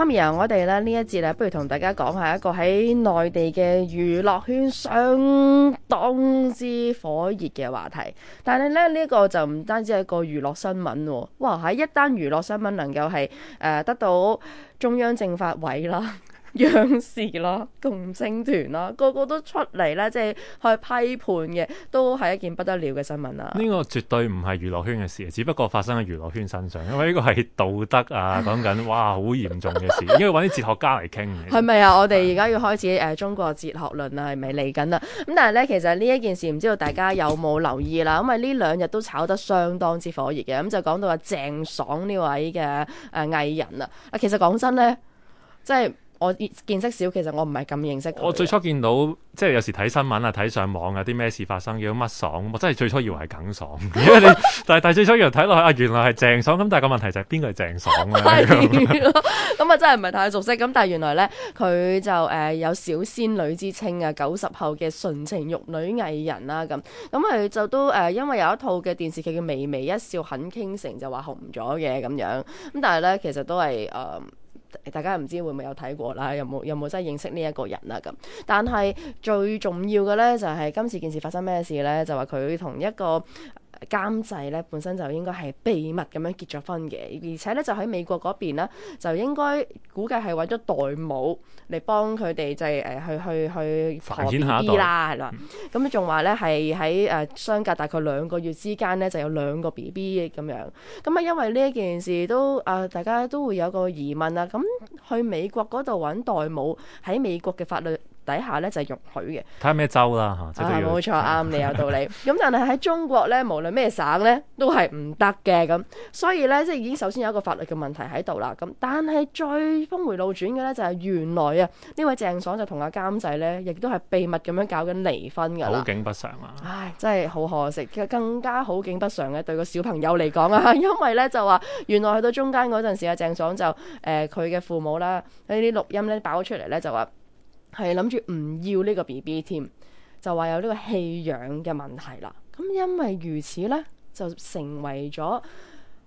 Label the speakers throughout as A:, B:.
A: 我哋咧呢一節咧，不如同大家講下一個喺內地嘅娛樂圈相當之火熱嘅話題。但係咧呢、這個就唔單止係一個娛樂新聞、哦，哇！喺一單娛樂新聞能夠係誒、呃、得到中央政法委啦。央視啦，共青團啦，個個都出嚟，咧，即係去批判嘅，都係一件不得了嘅新聞啦。
B: 呢個絕對唔係娛樂圈嘅事，只不過發生喺娛樂圈身上，因為呢個係道德啊，講緊 哇好嚴重嘅事， 應該揾啲哲學家嚟傾。係
A: 咪啊？我哋而家要開始誒、呃，中國哲學論啊，係咪嚟緊啦？咁但係咧，其實呢一件事，唔知道大家有冇留意啦？因為呢兩日都炒得相當之火熱嘅，咁、嗯、就講到話鄭爽呢位嘅誒藝人啊，啊其實講真咧，即係。我見識少，其實我唔係咁認識。我最
B: 初見到即係有時睇新聞啊、睇上網啊，啲咩事發生，叫乜爽，我真係最初以為係耿爽。因為你 但係，但係最初以為睇落去啊，原來係鄭爽。咁但係個問題就係邊個係鄭爽啊？
A: 咁啊，真係唔係太熟悉。咁但係原來咧，佢就誒、呃、有小仙女之稱啊，九十後嘅純情玉女藝人啦咁。咁佢就都誒、呃，因為有一套嘅電視劇叫《微微一笑很傾城》，就話紅咗嘅咁樣。咁但係咧，其實都係誒。呃呃大家唔知會唔會有睇過啦，有冇有冇真係認識呢一個人啦？咁，但係最重要嘅咧，就係今次件事發生咩事咧？就話佢同一個。監製咧本身就應該係秘密咁樣結咗婚嘅，而且咧就喺美國嗰邊咧，就應該估計係揾咗代母嚟幫佢哋就係誒、呃、去去去發展下一代啦，係嘛？咁仲話咧係喺誒相隔大概兩個月之間咧就有兩個 B B 咁樣。咁、嗯、啊，因為呢一件事都啊、呃，大家都會有個疑問啦。咁、啊、去美國嗰度揾代母喺美國嘅法律。底下咧就係容許嘅，
B: 睇下咩州啦吓。啊，冇錯
A: 啱你有道理。咁 但係喺中國咧，無論咩省咧，都係唔得嘅咁。所以咧，即係已經首先有一個法律嘅問題喺度啦。咁但係最峰迴路轉嘅咧，就係、是、原來啊，呢位鄭爽就同阿監製咧，亦都係秘密咁樣搞緊離婚㗎。好景不常啊！唉，真係好可惜。更加好景不常嘅對個小朋友嚟講啊，因為咧就話原來去到中間嗰陣時，阿鄭爽就誒佢嘅父母啦，呢啲錄音咧爆咗出嚟咧，就話。係諗住唔要呢個 B B 添，就話有呢個棄養嘅問題啦。咁因為如此呢，就成為咗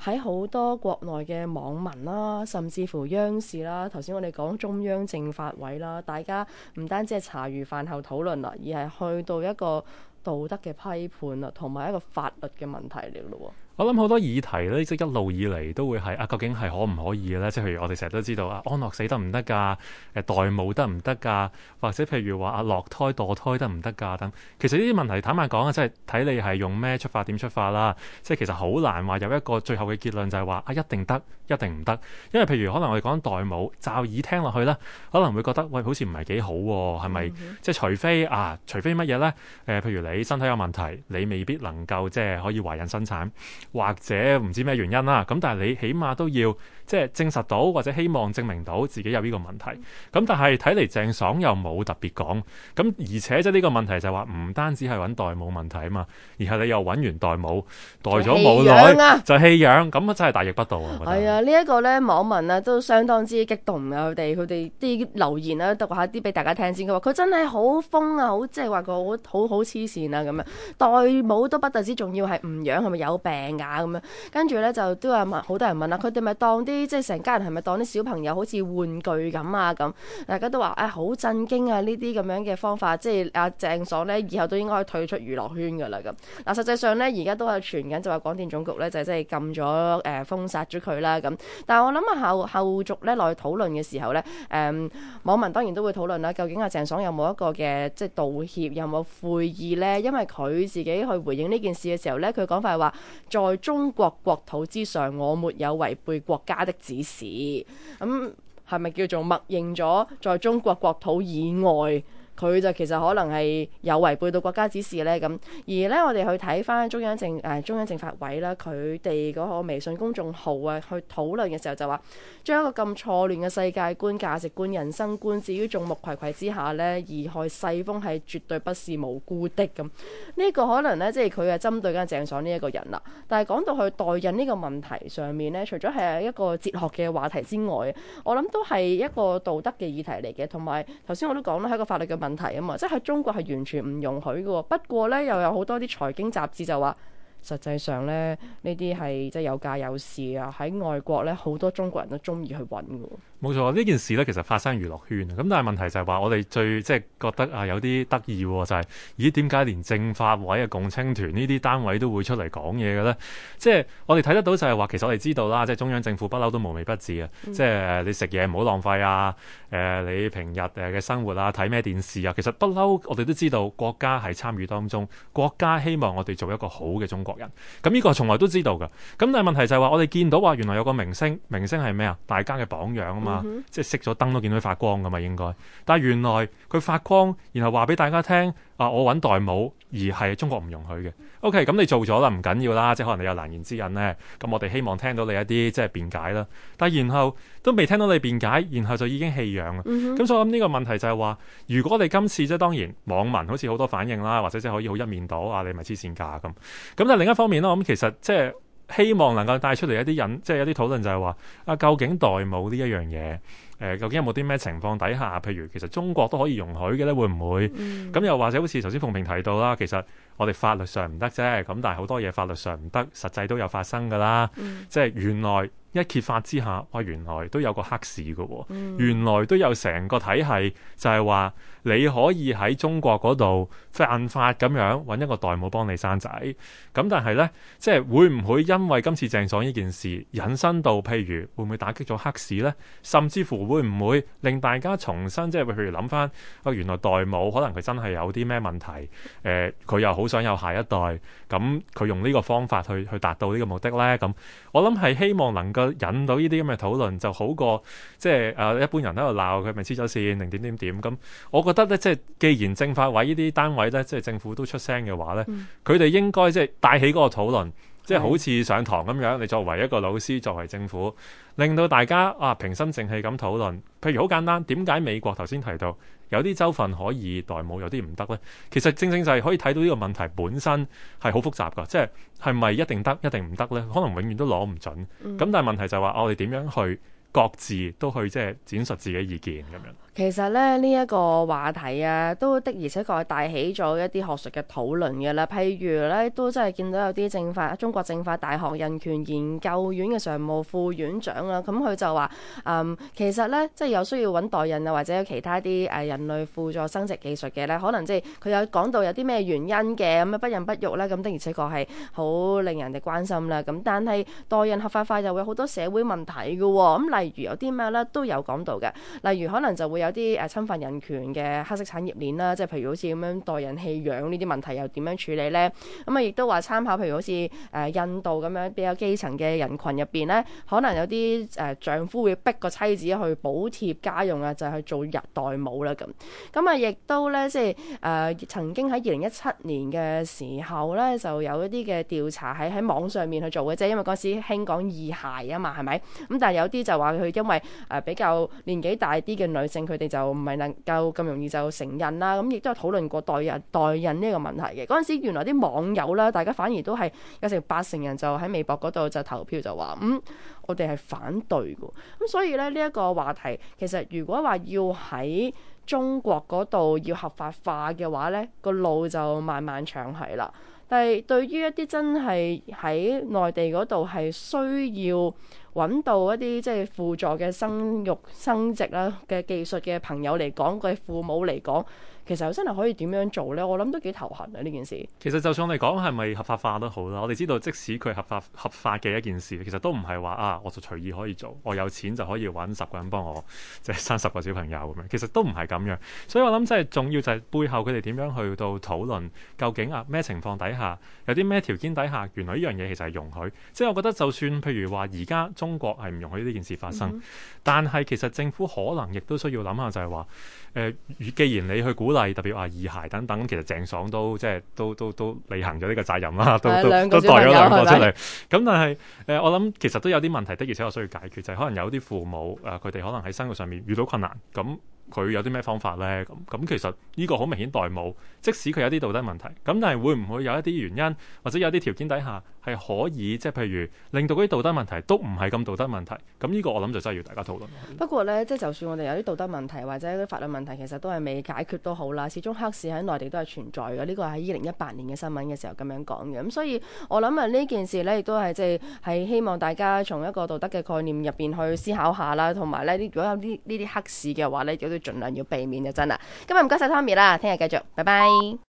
A: 喺好多國內嘅網民啦，甚至乎央視啦。頭先我哋講中央政法委啦，大家唔單止係茶餘飯後討論啦，而係去到一個道德嘅批判啦，同埋一個法律嘅問題嚟咯。
B: 我諗好多議題咧，即一路以嚟都會係啊。究竟係可唔可以咧？即係譬如我哋成日都知道啊，安樂死得唔得㗎？誒、啊，代母得唔得㗎？或者譬如話啊，落胎墮胎得唔得㗎？等其實呢啲問題坦白講啊，即係睇你係用咩出發點出發啦。即係其實好難話有一個最後嘅結論就，就係話啊一定得，一定唔得。因為譬如可能我哋講代母，就耳聽落去咧，可能會覺得喂好似唔係幾好喎、啊，係咪？Mm-hmm. 即係除非啊，除非乜嘢咧？誒、啊，譬如你身體有問題，你未必能夠即係可以懷孕生產。或者唔知咩原因啦，咁但係你起碼都要即係證實到，或者希望證明到自己有呢個問題。咁但係睇嚟鄭爽又冇特別講。咁而且即係呢個問題就話唔單止係揾代母問題啊嘛，而係你又揾完代母，代咗冇耐就棄養、啊，咁啊真係大逆不道、哎這個、啊！係
A: 啊，呢一個咧網民咧都相當之激動啊！佢哋佢哋啲留言咧、啊、讀一下啲俾大家聽先。佢話佢真係好瘋啊，好即係話好好好黐線啊咁啊！代母都不特止，仲要係唔養係咪有病？咁樣，跟住咧就都有問，好多人問啦。佢哋咪當啲即係成家人係咪當啲小朋友好似玩具咁啊？咁大家都話誒好震驚啊！呢啲咁樣嘅方法，即係阿鄭爽咧，以後都應該退出娛樂圈噶啦咁嗱。實際上咧，而家都係傳緊就話廣電總局咧就係即係禁咗誒、呃、封殺咗佢啦咁。但係我諗下後後續咧，落去討論嘅時候咧，誒、嗯、網民當然都會討論啦。究竟阿、啊、鄭爽有冇一個嘅即係道歉，有冇悔意咧？因為佢自己去回應呢件事嘅時候咧，佢講法係話。在中國國土之上，我沒有違背國家的指示。咁係咪叫做默認咗在中國國土以外？佢就其實可能係有違背到國家指示咧咁，而咧我哋去睇翻中央政誒、呃、中央政法委啦，佢哋嗰個微信公眾號啊去討論嘅時候就話，將一個咁錯亂嘅世界觀價值觀、人生觀置於眾目睽睽之下咧，貽害世風係絕對不是無辜的咁。呢、這個可能咧即係佢係針對緊鄭爽呢一個人啦。但係講到去代孕呢個問題上面咧，除咗係一個哲學嘅話題之外，我諗都係一個道德嘅議題嚟嘅，同埋頭先我都講啦，係一個法律嘅問題。問題啊嘛，即係中國係完全唔容許㗎喎。不過呢，又有好多啲財經雜誌就話，實際上呢呢啲係即係有價有市啊。喺外國呢，好多中國人都中意去揾嘅。
B: 冇錯，呢件事呢其實發生娛樂圈啊。咁但係問題就係話，我哋最即係覺得啊，有啲得意喎，就係咦，點解連政法委嘅共青團呢啲單位都會出嚟講嘢嘅呢？即係我哋睇得到就係話，其實我哋知道啦，即係中央政府不嬲都無微不至啊。嗯、即係你食嘢唔好浪費啊，誒、呃、你平日誒嘅生活啊，睇咩電視啊，其實不嬲我哋都知道國家係參與當中，國家希望我哋做一個好嘅中國人。咁呢個從來都知道㗎。咁但係問題就係話，我哋見到話原來有個明星，明星係咩啊？大家嘅榜樣啊！嗯、即係熄咗燈都見到佢發光噶嘛，應該。但係原來佢發光，然後話俾大家聽啊！我搵代母，而係中國唔容許嘅。O.K. 咁、嗯、你做咗啦，唔緊要啦。即可能你有難言之隱咧，咁、嗯、我哋希望聽到你一啲即係辯解啦。但係然後都未聽到你辯解，然後就已經棄養啦。咁、嗯、哼 所以我諗呢個問題就係話，如果你今次即當然網民好似好多反應啦，或者即可以好一面倒啊，你咪黐線架咁。咁但係另一方面咯，咁其實即係。希望能夠帶出嚟一啲引，即係一啲討論就係話啊，究竟代母呢一樣嘢，誒、呃，究竟有冇啲咩情況底下，譬如其實中國都可以容許嘅咧，會唔會？咁、嗯、又或者好似頭先馮平提到啦，其實。我哋法律上唔得啫，咁但係好多嘢，法律上唔得，實際都有發生噶啦。即係、嗯、原來一揭發之下，哇、哦、原來都有個黑市噶喎、哦嗯、原來都有成個體系，就係話你可以喺中國嗰度犯法咁樣，揾一個代母幫你生仔。咁但係咧，即、就、係、是、會唔會因為今次鄭爽呢件事引申到，譬如會唔會打擊咗黑市咧？甚至乎會唔會令大家重新即係、就是、譬如諗翻，哇、哦、原來代母可能佢真係有啲咩問題誒佢、呃、又好。想有下一代，咁佢用呢個方法去去達到呢個目的呢。咁我諗係希望能夠引到呢啲咁嘅討論，就好過即係誒一般人喺度鬧佢係咪黐咗線，定點點點咁。我覺得呢，即係既然政法委呢啲單位呢，即係政府都出聲嘅話呢，佢哋、嗯、應該即係帶起嗰個討論。即係好似上堂咁樣，你作為一個老師，作為政府，令到大家啊平心靜氣咁討論。譬如好簡單，點解美國頭先提到有啲州份可以代母，有啲唔得呢？其實正正就係可以睇到呢個問題本身係好複雜㗎。即係係咪一定得一定唔得呢？可能永遠都攞唔準。咁、嗯、但係問題就係、是、話、啊、我哋點樣去？各自都去即係展述自己意見。咁樣
A: 其實咧，呢一個話題啊，都的而且確係帶起咗一啲學術嘅討論嘅啦。譬如咧，都真係見到有啲政法中國政法大學人權研究院嘅常務副院長啊，咁、嗯、佢就話：嗯「誒，其實咧即係有需要揾代孕啊，或者有其他啲誒人類輔助生殖技術嘅咧，可能即係佢有講到有啲咩原因嘅咁啊，不孕不育咧，咁的而且確係好令人哋關心啦。咁但係代孕合法化就會有好多社會問題嘅咁嚟。嗯例如有啲咩咧都有講到嘅，例如可能就會有啲誒、呃、侵犯人權嘅黑色產業鏈啦，即係譬如好似咁樣代人棄養呢啲問題又點樣處理咧？咁、嗯、啊，亦都話參考譬如好似誒、呃、印度咁樣比較基層嘅人群入邊咧，可能有啲誒、呃、丈夫會逼個妻子去補貼家用啊，就去做日代母啦咁。咁啊，亦、嗯、都咧即係誒、呃、曾經喺二零一七年嘅時候咧，就有一啲嘅調查喺喺網上面去做嘅啫，因為嗰時興講二孩啊嘛，係咪？咁但係有啲就話。佢因為誒比較年紀大啲嘅女性，佢哋就唔係能夠咁容易就承孕啦。咁亦都係討論過代孕、代孕呢個問題嘅。嗰陣時原來啲網友啦，大家反而都係有成八成人就喺微博嗰度就投票就話：嗯，我哋係反對嘅。咁、嗯、所以咧呢一、呢個話題，其實如果話要喺中國嗰度要合法化嘅話，呢個路就漫漫長係啦。但係對於一啲真係喺內地嗰度係需要。揾到一啲即係輔助嘅生育生殖啦嘅技術嘅朋友嚟講，佢父母嚟講，其實真係可以點樣做咧？我諗都幾頭痕啊！呢件事
B: 其實就算你講係咪合法化都好啦，我哋知道即使佢合法合法嘅一件事，其實都唔係話啊，我就隨意可以做，我有錢就可以揾十個人幫我即係生十個小朋友咁樣，其實都唔係咁樣，所以我諗真係重要就係背後佢哋點樣去到討論究竟啊咩情況底下有啲咩條件底下，原來呢樣嘢其實係容許即係我覺得，就算譬如話而家中中國係唔容許呢件事發生，嗯、哼但係其實政府可能亦都需要諗下，就係話誒，既然你去鼓勵，特別話二孩等等，其實鄭爽都即係都都都履行咗呢個責任啦，都、啊、都都帶咗兩個出嚟。咁吧但係誒、呃，我諗其實都有啲問題的，而且我需要解決，就係、是、可能有啲父母誒，佢、呃、哋可能喺生活上面遇到困難咁，佢有啲咩方法呢？咁咁其實呢個好明顯代母，即使佢有啲道德問題，咁但係會唔會有一啲原因或者有啲條件底下係可以，即係譬如令到嗰啲道德問題都唔係咁道德問題？咁呢個我諗就真係要大家討論。
A: 不過呢，即就算我哋有啲道德問題或者啲法律問題，其實都係未解決都好啦。始終黑市喺內地都係存在嘅。呢個係二零一八年嘅新聞嘅時候咁樣講嘅。咁所以我諗啊，呢件事呢，亦都係即係希望大家從一個道德嘅概念入邊去思考下啦，同埋呢，如果有呢呢啲黑市嘅話咧，盡量要避免就真啦。今日唔該晒 Tommy 啦，聽日繼續，拜拜。